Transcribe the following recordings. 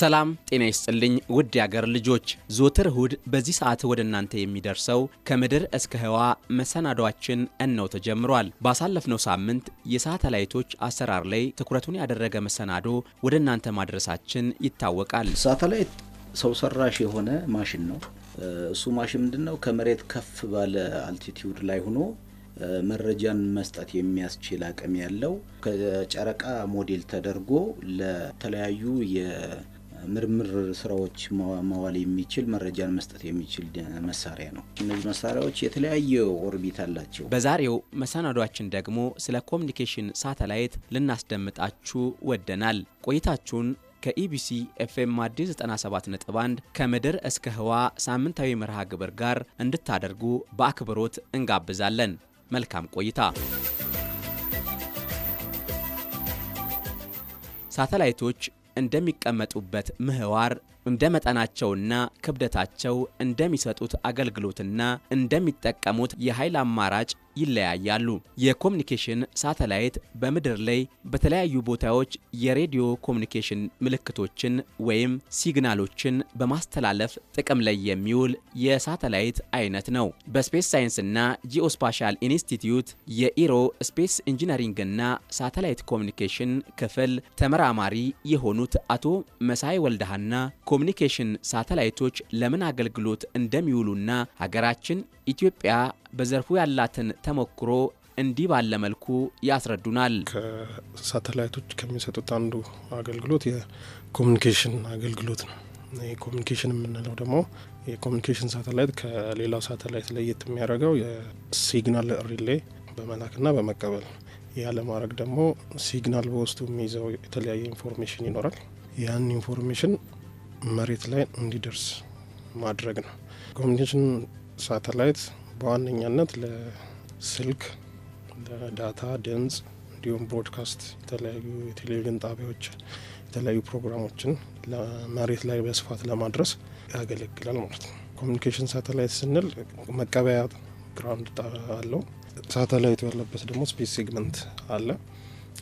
ሰላም ጤና ይስጥልኝ ውድ የአገር ልጆች፣ ዘወትር እሁድ በዚህ ሰዓት ወደ እናንተ የሚደርሰው ከምድር እስከ ህዋ መሰናዷችን እነው ተጀምሯል። ባሳለፍነው ሳምንት የሳተላይቶች አሰራር ላይ ትኩረቱን ያደረገ መሰናዶ ወደ እናንተ ማድረሳችን ይታወቃል። ሳተላይት ሰው ሰራሽ የሆነ ማሽን ነው። እሱ ማሽን ምንድን ነው? ከመሬት ከፍ ባለ አልቲቲዩድ ላይ ሆኖ መረጃን መስጠት የሚያስችል አቅም ያለው ከጨረቃ ሞዴል ተደርጎ ለተለያዩ ምርምር ስራዎች መዋል የሚችል መረጃን መስጠት የሚችል መሳሪያ ነው። እነዚህ መሳሪያዎች የተለያየ ኦርቢት አላቸው። በዛሬው መሰናዷችን ደግሞ ስለ ኮሚኒኬሽን ሳተላይት ልናስደምጣችሁ ወደናል። ቆይታችሁን ከኢቢሲ ኤፍኤም አዲስ 97.1 ከምድር እስከ ህዋ ሳምንታዊ መርሃ ግብር ጋር እንድታደርጉ በአክብሮት እንጋብዛለን። መልካም ቆይታ። ሳተላይቶች እንደሚቀመጡበት ምህዋር እንደ መጠናቸውና ክብደታቸው እንደሚሰጡት አገልግሎትና እንደሚጠቀሙት የኃይል አማራጭ ይለያያሉ። የኮሚኒኬሽን ሳተላይት በምድር ላይ በተለያዩ ቦታዎች የሬዲዮ ኮሚኒኬሽን ምልክቶችን ወይም ሲግናሎችን በማስተላለፍ ጥቅም ላይ የሚውል የሳተላይት አይነት ነው። በስፔስ ሳይንስና ጂኦስፓሻል ኢንስቲትዩት የኢሮ ስፔስ ኢንጂነሪንግና ሳተላይት ኮሚኒኬሽን ክፍል ተመራማሪ የሆኑት አቶ መሳይ ወልደሃና ኮሚኒኬሽን ሳተላይቶች ለምን አገልግሎት እንደሚውሉና ሀገራችን ኢትዮጵያ በዘርፉ ያላትን ተሞክሮ እንዲህ ባለ መልኩ ያስረዱናል። ከሳተላይቶች ከሚሰጡት አንዱ አገልግሎት የኮሚኒኬሽን አገልግሎት ነው። የኮሚኒኬሽን የምንለው ደግሞ የኮሚኒኬሽን ሳተላይት ከሌላው ሳተላይት ለየት የሚያደርገው የሲግናል ሪሌ በመላክና በመቀበል ያለማድረግ ደግሞ ሲግናል በውስጡ የሚይዘው የተለያየ ኢንፎርሜሽን ይኖራል። ያን ኢንፎርሜሽን መሬት ላይ እንዲደርስ ማድረግ ነው። ኮሚኒኬሽን ሳተላይት በዋነኛነት ለስልክ፣ ለዳታ፣ ድምጽ እንዲሁም ብሮድካስት የተለያዩ የቴሌቪዥን ጣቢያዎች የተለያዩ ፕሮግራሞችን መሬት ላይ በስፋት ለማድረስ ያገለግላል ማለት ነው። ኮሚኒኬሽን ሳተላይት ስንል መቀበያ ግራንድ አለው። ሳተላይቱ ያለበት ደግሞ ስፔስ ሴግመንት አለ።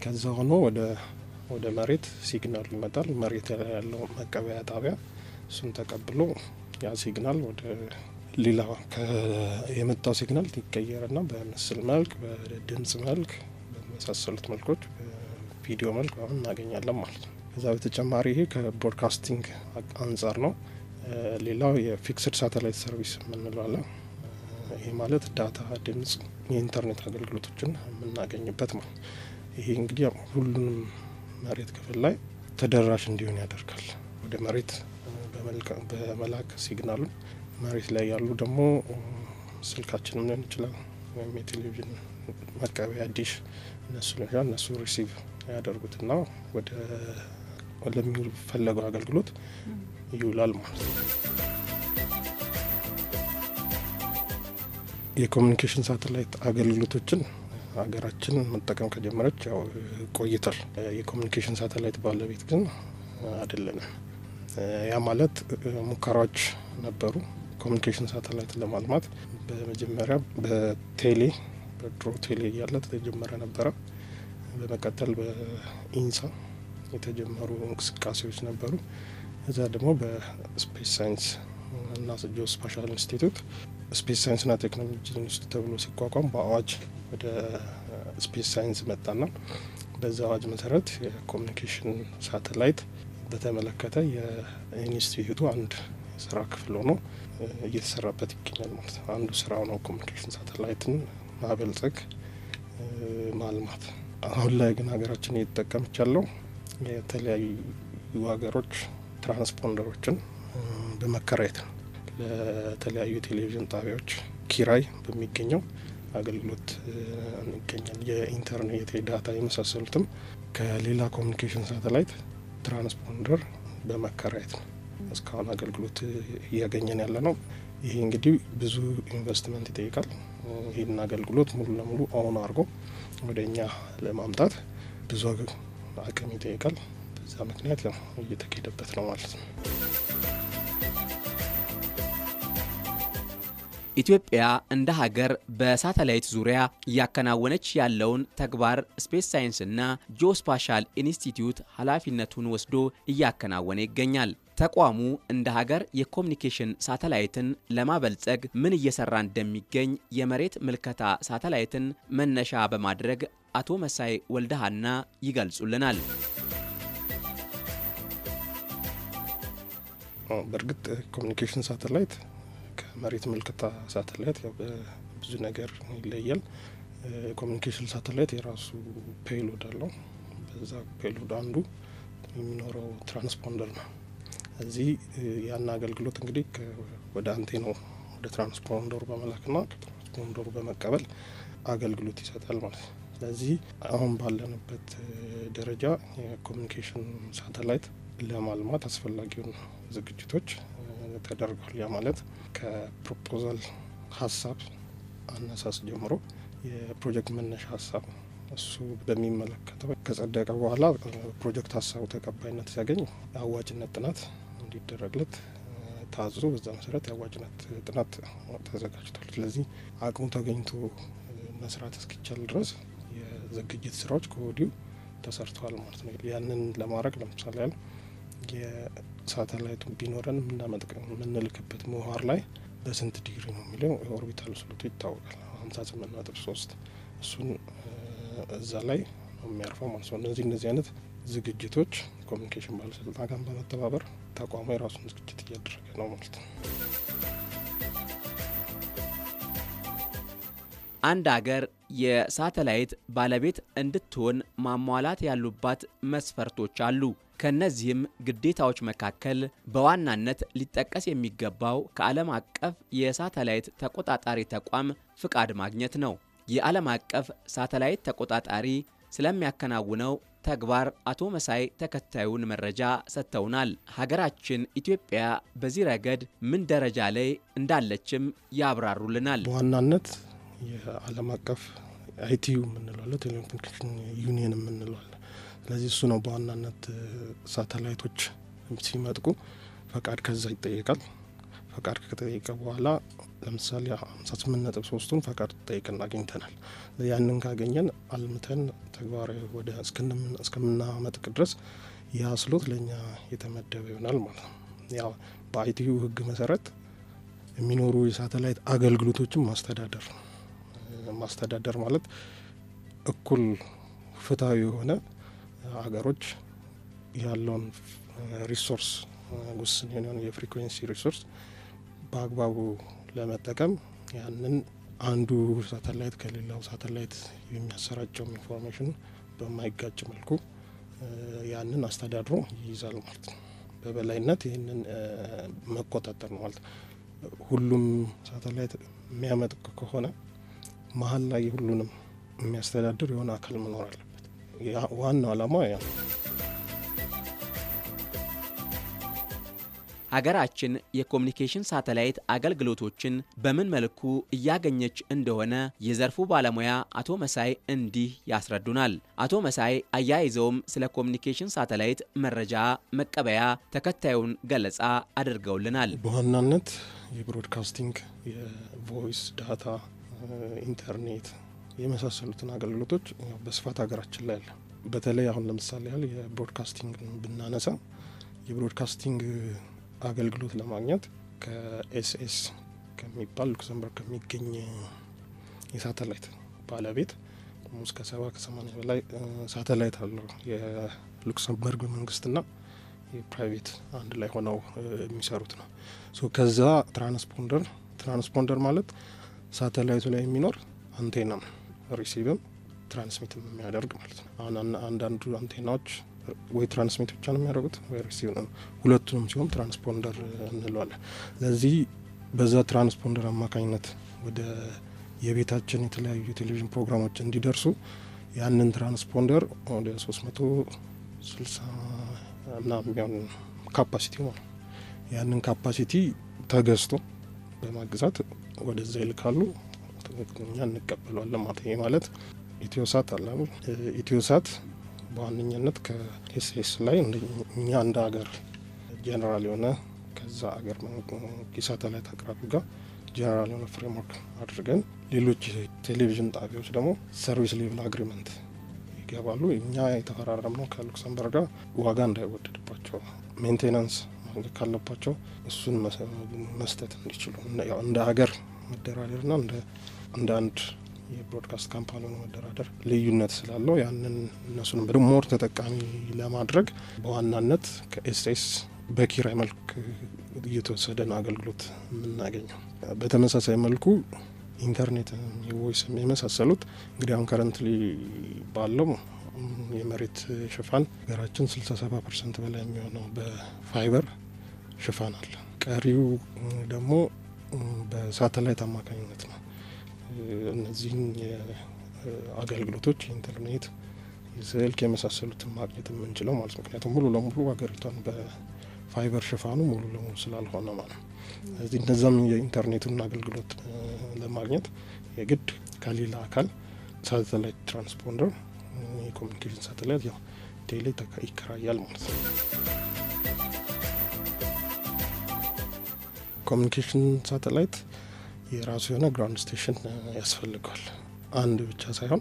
ከዛ ሆኖ ወደ መሬት ሲግናሉ ይመጣል። መሬት ያለው መቀበያ ጣቢያ እሱን ተቀብሎ ያ ሲግናል ወደ ሌላ የመጣው ሲግናል ይቀየርና በምስል መልክ፣ በድምጽ መልክ፣ በመሳሰሉት መልኮች ቪዲዮ መልክ አሁን እናገኛለን ማለት ነው። ከዛ በተጨማሪ ይሄ ከብሮድካስቲንግ አንጻር ነው። ሌላው የፊክስድ ሳተላይት ሰርቪስ የምንለዋለን። ይሄ ማለት ዳታ፣ ድምጽ፣ የኢንተርኔት አገልግሎቶችን የምናገኝበት ማለት ይሄ እንግዲህ ሁሉንም መሬት ክፍል ላይ ተደራሽ እንዲሆን ያደርጋል። ወደ መሬት በመላክ ሲግናሉን መሬት ላይ ያሉ ደግሞ ስልካችንም ሊሆን ይችላል ወይም የቴሌቪዥን መቀበያ ዲሽ እነሱ ይችላል እነሱ ሪሲቭ ያደርጉትና ወደ ለሚፈለገው አገልግሎት ይውላል ማለት ነው። የኮሚኒኬሽን ሳተላይት አገልግሎቶችን ሀገራችን መጠቀም ከጀመረች ያው ቆይታል። የኮሚኒኬሽን ሳተላይት ባለቤት ግን አደለንም ያ ማለት ሙከራዎች ነበሩ። ኮሚኒኬሽን ሳተላይት ለማልማት በመጀመሪያ በቴሌ በድሮ ቴሌ እያለ ተጀመረ ነበረ። በመቀጠል በኢንሳ የተጀመሩ እንቅስቃሴዎች ነበሩ። እዛ ደግሞ በስፔስ ሳይንስ እና ጂኦ ስፓሻል ኢንስቲትዩት ስፔስ ሳይንስና ቴክኖሎጂ ኢንስቲትዩት ተብሎ ሲቋቋም በአዋጅ ወደ ስፔስ ሳይንስ መጣና በዛ አዋጅ መሰረት የኮሚኒኬሽን ሳተላይት በተመለከተ የኢንስቲትዩቱ አንድ የስራ ክፍል ሆኖ እየተሰራበት ይገኛል ማለት ነው። አንዱ ስራው ነው ኮሚኒኬሽን ሳተላይትን ማበልጸግ ማልማት። አሁን ላይ ግን ሀገራችን እየተጠቀመች ያለው የተለያዩ ሀገሮች ትራንስፖንደሮችን በመከራየት ነው። ለተለያዩ ቴሌቪዥን ጣቢያዎች ኪራይ በሚገኘው አገልግሎት ይገኛል። የኢንተርኔት ዳታ የመሳሰሉትም ከሌላ ኮሚኒኬሽን ሳተላይት ትራንስፖንደር በመከራየት ነው። እስካሁን አገልግሎት እያገኘን ያለ ነው። ይሄ እንግዲህ ብዙ ኢንቨስትመንት ይጠይቃል። ይህን አገልግሎት ሙሉ ለሙሉ አሁን አድርጎ ወደ እኛ ለማምጣት ብዙ አቅም ይጠይቃል። በዛ ምክንያት ያው እየተካሄደበት ነው ማለት ነው። ኢትዮጵያ እንደ ሀገር በሳተላይት ዙሪያ እያከናወነች ያለውን ተግባር ስፔስ ሳይንስና ጂኦስፓሻል ኢንስቲትዩት ኃላፊነቱን ወስዶ እያከናወነ ይገኛል። ተቋሙ እንደ ሀገር የኮሚኒኬሽን ሳተላይትን ለማበልጸግ ምን እየሰራ እንደሚገኝ የመሬት ምልከታ ሳተላይትን መነሻ በማድረግ አቶ መሳይ ወልደሃና ይገልጹልናል። በእርግጥ ኮሚኒኬሽን ሳተላይት ከመሬት ምልከታ ሳተላይት ብዙ ነገር ይለያል። ኮሚኒኬሽን ሳተላይት የራሱ ፔይሎድ አለው። በዛ ፔይሎድ አንዱ የሚኖረው ትራንስፖንደር ነው። እዚህ ያን አገልግሎት እንግዲህ ወደ አንቴናው ወደ ትራንስፖንደሩ በመላክና ከትራንስፖንደሩ በመቀበል አገልግሎት ይሰጣል ማለት ነው። ስለዚህ አሁን ባለንበት ደረጃ የኮሚኒኬሽን ሳተላይት ለማልማት አስፈላጊውን ዝግጅቶች ተደርጓል። ያ ማለት ከፕሮፖዛል ሀሳብ አነሳስ ጀምሮ የፕሮጀክት መነሻ ሀሳብ እሱ በሚመለከተው ከጸደቀ በኋላ ፕሮጀክት ሀሳቡ ተቀባይነት ሲያገኝ አዋጭነት ጥናት እንዲደረግለት ታዞ በዛ መሰረት የአዋጭነት ጥናት ተዘጋጅቷል። ስለዚህ አቅሙ ተገኝቶ መስራት እስኪቻል ድረስ የዝግጅት ስራዎች ከወዲሁ ተሰርተዋል ማለት ነው። ያንን ለማድረግ ለምሳሌ ያል የሳተላይቱ ቢኖረን የምንልክበት ምህዋር ላይ በስንት ዲግሪ ነው የሚለው የኦርቢታል ስሎቱ ይታወቃል። ሀምሳ ስምንት ነጥብ ሶስት እሱን እዛ ላይ የሚያርፈው ማለት ነው። እነዚህ እነዚህ አይነት ዝግጅቶች ኮሚኒኬሽን ባለስልጣን ጋር በመተባበር ተቋሙ የራሱን ዝግጅት እያደረገ ነው ማለት ነው። አንድ አገር የሳተላይት ባለቤት እንድትሆን ማሟላት ያሉባት መስፈርቶች አሉ። ከእነዚህም ግዴታዎች መካከል በዋናነት ሊጠቀስ የሚገባው ከዓለም አቀፍ የሳተላይት ተቆጣጣሪ ተቋም ፍቃድ ማግኘት ነው። የዓለም አቀፍ ሳተላይት ተቆጣጣሪ ስለሚያከናውነው ተግባር አቶ መሳይ ተከታዩን መረጃ ሰጥተውናል። ሀገራችን ኢትዮጵያ በዚህ ረገድ ምን ደረጃ ላይ እንዳለችም ያብራሩልናል። በዋናነት የዓለም አቀፍ አይቲዩ የምንለዋለ ቴሌኮሙኒኬሽን ዩኒየን የምንለዋለ። ስለዚህ እሱ ነው በዋናነት ሳተላይቶች ሲመጥቁ ፈቃድ ከዛ ይጠየቃል። ፈቃድ ከተጠየቀ በኋላ ለምሳሌ 58 ነጥብ ሶስቱን ፈቃድ ጠይቀን አግኝተናል። ያንን ካገኘን አልምተን ተግባራዊ ወደ እስከምናመጥቅ ድረስ ያ ስሎት ለእኛ የተመደበ ይሆናል ማለት ነው። ያው በአይቲዩ ህግ መሰረት የሚኖሩ የሳተላይት አገልግሎቶችን ማስተዳደር ማስተዳደር ማለት እኩል ፍትሐዊ የሆነ ሀገሮች ያለውን ሪሶርስ ውስን የሆነ የፍሪኩዌንሲ ሪሶርስ በአግባቡ ለመጠቀም ያንን አንዱ ሳተላይት ከሌላው ሳተላይት የሚያሰራጨው ኢንፎርሜሽን በማይጋጭ መልኩ ያንን አስተዳድሮ ይይዛል ማለት ነው። በበላይነት ይህንን መቆጣጠር ነው ማለት ሁሉም ሳተላይት የሚያመጥቅ ከሆነ መሀል ላይ ሁሉንም የሚያስተዳድር የሆነ አካል መኖር አለበት። ዋናው አላማ ያ ነው። አገራችን የኮሚኒኬሽን ሳተላይት አገልግሎቶችን በምን መልኩ እያገኘች እንደሆነ የዘርፉ ባለሙያ አቶ መሳይ እንዲህ ያስረዱናል። አቶ መሳይ አያይዘውም ስለ ኮሚኒኬሽን ሳተላይት መረጃ መቀበያ ተከታዩን ገለጻ አድርገውልናል። በዋናነት የብሮድካስቲንግ፣ የቮይስ ዳታ፣ ኢንተርኔት የመሳሰሉትን አገልግሎቶች በስፋት ሀገራችን ላይ አለ። በተለይ አሁን ለምሳሌ ያህል የብሮድካስቲንግ ብናነሳ የብሮድካስቲንግ አገልግሎት ለማግኘት ከኤስኤስ ከሚባል ሉክሰምበርግ ከሚገኝ የሳተላይት ባለቤት ሙስ ከሰባ ከሰማኒያ በላይ ሳተላይት አለው። የሉክሰምበርግ መንግስትና የፕራይቬት አንድ ላይ ሆነው የሚሰሩት ነው። ከዛ ትራንስፖንደር ትራንስፖንደር ማለት ሳተላይቱ ላይ የሚኖር አንቴናም ሪሲቭም ትራንስሚትም የሚያደርግ ማለት ነው። አሁን አንዳንዱ አንቴናዎች ወይ ትራንስሚት ብቻ ነው የሚያደርጉት ወይ ሪሲቭ ነው። ሁለቱንም ሲሆን ትራንስፖንደር እንለዋለን። ስለዚህ በዛ ትራንስፖንደር አማካኝነት ወደ የቤታችን የተለያዩ የቴሌቪዥን ፕሮግራሞች እንዲደርሱ ያንን ትራንስፖንደር ወደ 360 ምናምን የሚሆን ካፓሲቲ ነው። ያንን ካፓሲቲ ተገዝቶ በማግዛት ወደዛ ይልካሉ። እኛ እንቀበለዋለን ማለት ይህ ማለት ኢትዮሳት አለ ኢትዮሳት በዋነኝነት ከኤስኤስ ላይ እኛ እንደ ሀገር ጀነራል የሆነ ከዛ ሀገር ሳተላይት አቅራቢ ጋር ጀነራል የሆነ ፍሬምወርክ አድርገን ሌሎች ቴሌቪዥን ጣቢያዎች ደግሞ ሰርቪስ ሌቭል አግሪመንት ይገባሉ። እኛ የተፈራረምነው ነው ከሉክሰምበርግ ጋር ዋጋ እንዳይወደድባቸው ሜንቴናንስ ማግኘት ካለባቸው እሱን መስጠት እንዲችሉ እንደ ሀገር መደራደርና እንደ አንድ የብሮድካስት ካምፓኒውን መደራደር ልዩነት ስላለው ያንን እነሱን ሞር ተጠቃሚ ለማድረግ በዋናነት ከኤስኤስ በኪራይ መልክ እየተወሰደን አገልግሎት የምናገኘው። በተመሳሳይ መልኩ ኢንተርኔት፣ የቮይስ የመሳሰሉት እንግዲህ አሁን ከረንትሊ ባለው የመሬት ሽፋን ሀገራችን 67 ፐርሰንት በላይ የሚሆነው በፋይበር ሽፋን አለ። ቀሪው ደግሞ በሳተላይት አማካኝነት ነው። እነዚህን አገልግሎቶች የኢንተርኔት፣ ስልክ የመሳሰሉትን ማግኘት የምንችለው ማለት ምክንያቱም ሙሉ ለሙሉ ሀገሪቷን በፋይበር ሽፋኑ ሙሉ ለሙሉ ስላልሆነ ማለት ነው። ስለዚህ እነዛም የኢንተርኔቱን አገልግሎት ለማግኘት የግድ ከሌላ አካል ሳተላይት ትራንስፖንደር የኮሚኒኬሽን ሳተላይት ያው ቴሌ ይከራያል ማለት ነው። ኮሚኒኬሽን ሳተላይት የራሱ የሆነ ግራውንድ ስቴሽን uh, ያስፈልገዋል። አንድ ብቻ ሳይሆን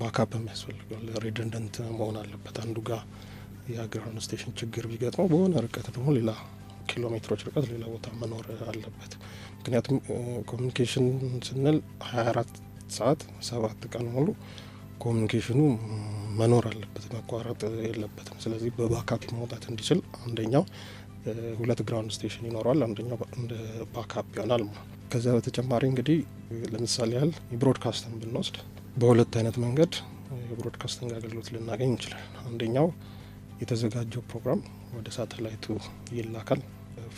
ባካፕም uh, ያስፈልገዋል። ሬደንደንት መሆን አለበት። አንዱ ጋር የግራንድ ስቴሽን ችግር ቢገጥመው በሆነ ርቀት ደግሞ ሌላ ኪሎ ሜትሮች ርቀት ሌላ ቦታ መኖር አለበት። ምክንያቱም ኮሚኒኬሽን uh, ስንል 24 ሰዓት ሰባት ቀን ሙሉ ኮሚኒኬሽኑ መኖር አለበት፣ መቋረጥ የለበትም። ስለዚህ በባካፕ መውጣት እንዲችል አንደኛው ሁለት ግራውንድ ስቴሽን ይኖረዋል፣ አንደኛው ባካፕ ይሆናል ማለት ከዚያ በተጨማሪ እንግዲህ ለምሳሌ ያህል የብሮድካስትን ብንወስድ በሁለት አይነት መንገድ የብሮድካስቲንግ አገልግሎት ልናገኝ እንችላል አንደኛው የተዘጋጀው ፕሮግራም ወደ ሳተላይቱ ይላካል፣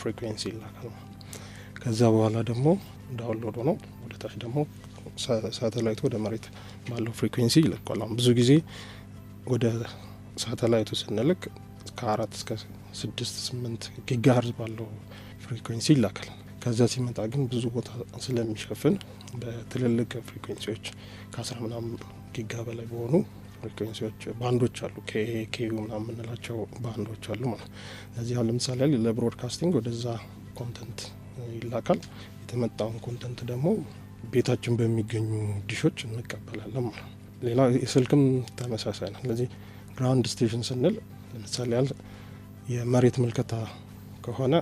ፍሪኩንሲ ይላካል። ከዛ በኋላ ደግሞ ዳውንሎድ ሆኖ ወደ ታች ደግሞ ሳተላይቱ ወደ መሬት ባለው ይልኳል አሁን ብዙ ጊዜ ወደ ሳተላይቱ ስንልክ ከአራት እስከ ስድስት ስምንት ጊጋርዝ ባለው ፍሪኩንሲ ይላካል። ከዚያ ሲመጣ ግን ብዙ ቦታ ስለሚሸፍን በትልልቅ ፍሪኩንሲዎች ከአስራ ምናም ጊጋ በላይ በሆኑ ፍሪኩንሲዎች ባንዶች አሉ። ከኬዩ ምና የምንላቸው ባንዶች አሉ ማለት እዚህ አሁን ለምሳሌ ለብሮድካስቲንግ ወደዛ ኮንተንት ይላካል። የተመጣውን ኮንተንት ደግሞ ቤታችን በሚገኙ ዲሾች እንቀበላለን ማለት ሌላ የስልክም ተመሳሳይ ነው። ስለዚህ ግራንድ ስቴሽን ስንል ለምሳሌ ያል የመሬት ምልከታ ከሆነ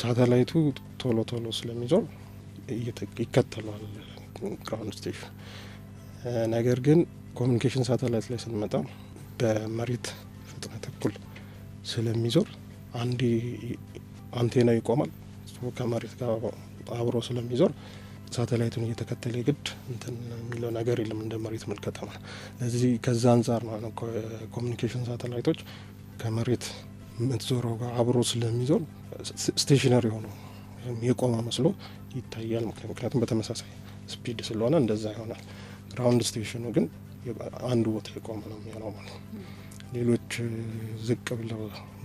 ሳተላይቱ ቶሎ ቶሎ ስለሚዞር ይከተለዋል ግራውንድ ስቴሽን። ነገር ግን ኮሚኒኬሽን ሳተላይት ላይ ስንመጣ በመሬት ፍጥነት እኩል ስለሚዞር አንድ አንቴና ይቆማል። ከመሬት ጋር አብሮ ስለሚዞር ሳተላይቱን እየተከተለ ግድ እንትን የሚለው ነገር የለም እንደ መሬት ምልከታ ማለት። ለዚህ ከዛ አንጻር ነው ኮሚኒኬሽን ሳተላይቶች ከመሬት የምትዞረው ጋር አብሮ ስለሚዞር ስቴሽነሪ ሆነው የቆመ መስሎ ይታያል። ምክንያቱም በተመሳሳይ ስፒድ ስለሆነ እንደዛ ይሆናል። ግራውንድ ስቴሽኑ ግን አንድ ቦታ የቆመ ነው የሚሆነው ማለት ነው። ሌሎች ዝቅ ብለው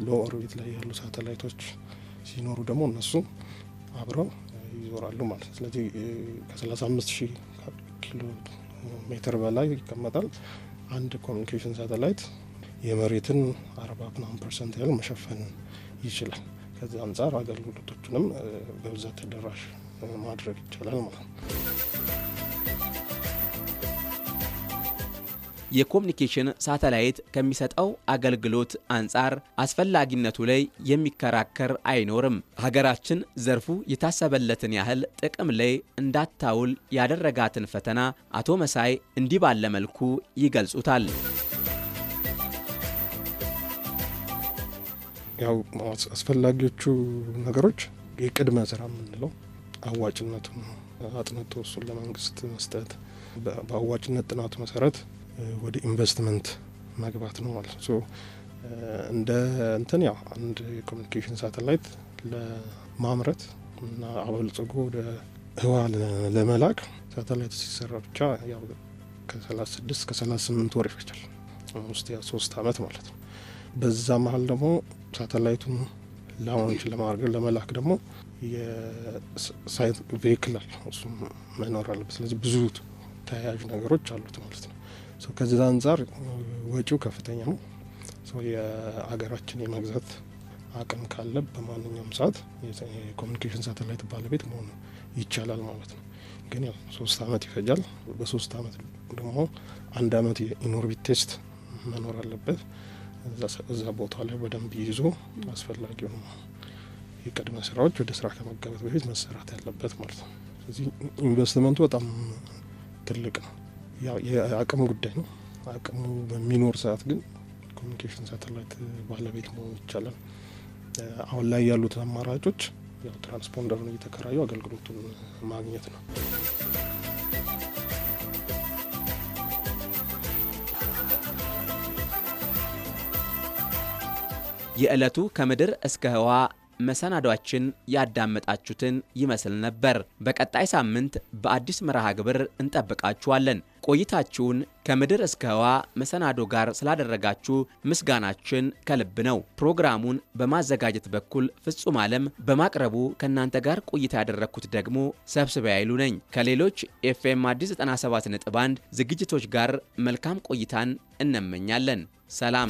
ሎወር ቤት ላይ ያሉ ሳተላይቶች ሲኖሩ ደግሞ እነሱ አብረው ይዞራሉ ማለት ነው። ስለዚህ ከ35 ኪሎ ሜትር በላይ ይቀመጣል። አንድ ኮሚኒኬሽን ሳተላይት የመሬትን 40 ፐርሰንት ያህል መሸፈን ይችላል። ከዚህ አንጻር አገልግሎቶችንም በብዛት ተደራሽ ማድረግ ይቻላል ማለት ነው። የኮሚኒኬሽን ሳተላይት ከሚሰጠው አገልግሎት አንጻር አስፈላጊነቱ ላይ የሚከራከር አይኖርም። ሀገራችን ዘርፉ የታሰበለትን ያህል ጥቅም ላይ እንዳታውል ያደረጋትን ፈተና አቶ መሳይ እንዲህ ባለ መልኩ ይገልጹታል። ያው አስፈላጊዎቹ ነገሮች የቅድመ ስራ የምንለው አዋጭነቱን አጥንቶ እሱን ለመንግስት መስጠት፣ በአዋጭነት ጥናቱ መሰረት ወደ ኢንቨስትመንት መግባት ነው ማለት ነው። እንደ እንትን ያው አንድ የኮሚኒኬሽን ሳተላይት ለማምረት እና አበልጽጎ ወደ ህዋ ለመላክ ሳተላይት ሲሰራ ብቻ ያው ከ36 ከ38 ወር ይፈቻል ውስጥ ሶስት አመት ማለት ነው። በዛ መሀል ደግሞ ሳተላይቱን ላውንች ለማድረግ ለመላክ ደግሞ የሳይት ቬክል አለ፣ እሱም መኖር አለበት። ስለዚህ ብዙ ተያያዥ ነገሮች አሉት ማለት ነው። ከዚ አንጻር ወጪው ከፍተኛ ነው። የሀገራችን የመግዛት አቅም ካለ በማንኛውም ሰዓት የኮሚኒኬሽን ሳተላይት ባለቤት መሆኑ ይቻላል ማለት ነው። ግን ያው ሶስት አመት ይፈጃል። በሶስት አመት ደግሞ አንድ አመት የኢኖርቢት ቴስት መኖር አለበት። እዛ ቦታ ላይ በደንብ ይዞ አስፈላጊው የቅድመ ስራዎች ወደ ስራ ከመገበት በፊት መሰራት ያለበት ማለት ነው። ስለዚህ ኢንቨስትመንቱ በጣም ትልቅ ነው። የአቅሙ ጉዳይ ነው። አቅሙ በሚኖር ሰዓት ግን ኮሚኒኬሽን ሳተላይት ባለቤት መሆን ይቻላል። አሁን ላይ ያሉት አማራጮች ያው ትራንስፖንደሩን እየተከራዩ አገልግሎቱን ማግኘት ነው። የዕለቱ ከምድር እስከ ህዋ መሰናዷችን ያዳመጣችሁትን ይመስል ነበር። በቀጣይ ሳምንት በአዲስ መርሃ ግብር እንጠብቃችኋለን። ቆይታችሁን ከምድር እስከ ህዋ መሰናዶ ጋር ስላደረጋችሁ ምስጋናችን ከልብ ነው። ፕሮግራሙን በማዘጋጀት በኩል ፍጹም ዓለም፣ በማቅረቡ ከእናንተ ጋር ቆይታ ያደረግኩት ደግሞ ሰብስበ ያይሉ ነኝ። ከሌሎች ኤፍኤም አዲስ 97 ነጥብ 1 ዝግጅቶች ጋር መልካም ቆይታን እንመኛለን። ሰላም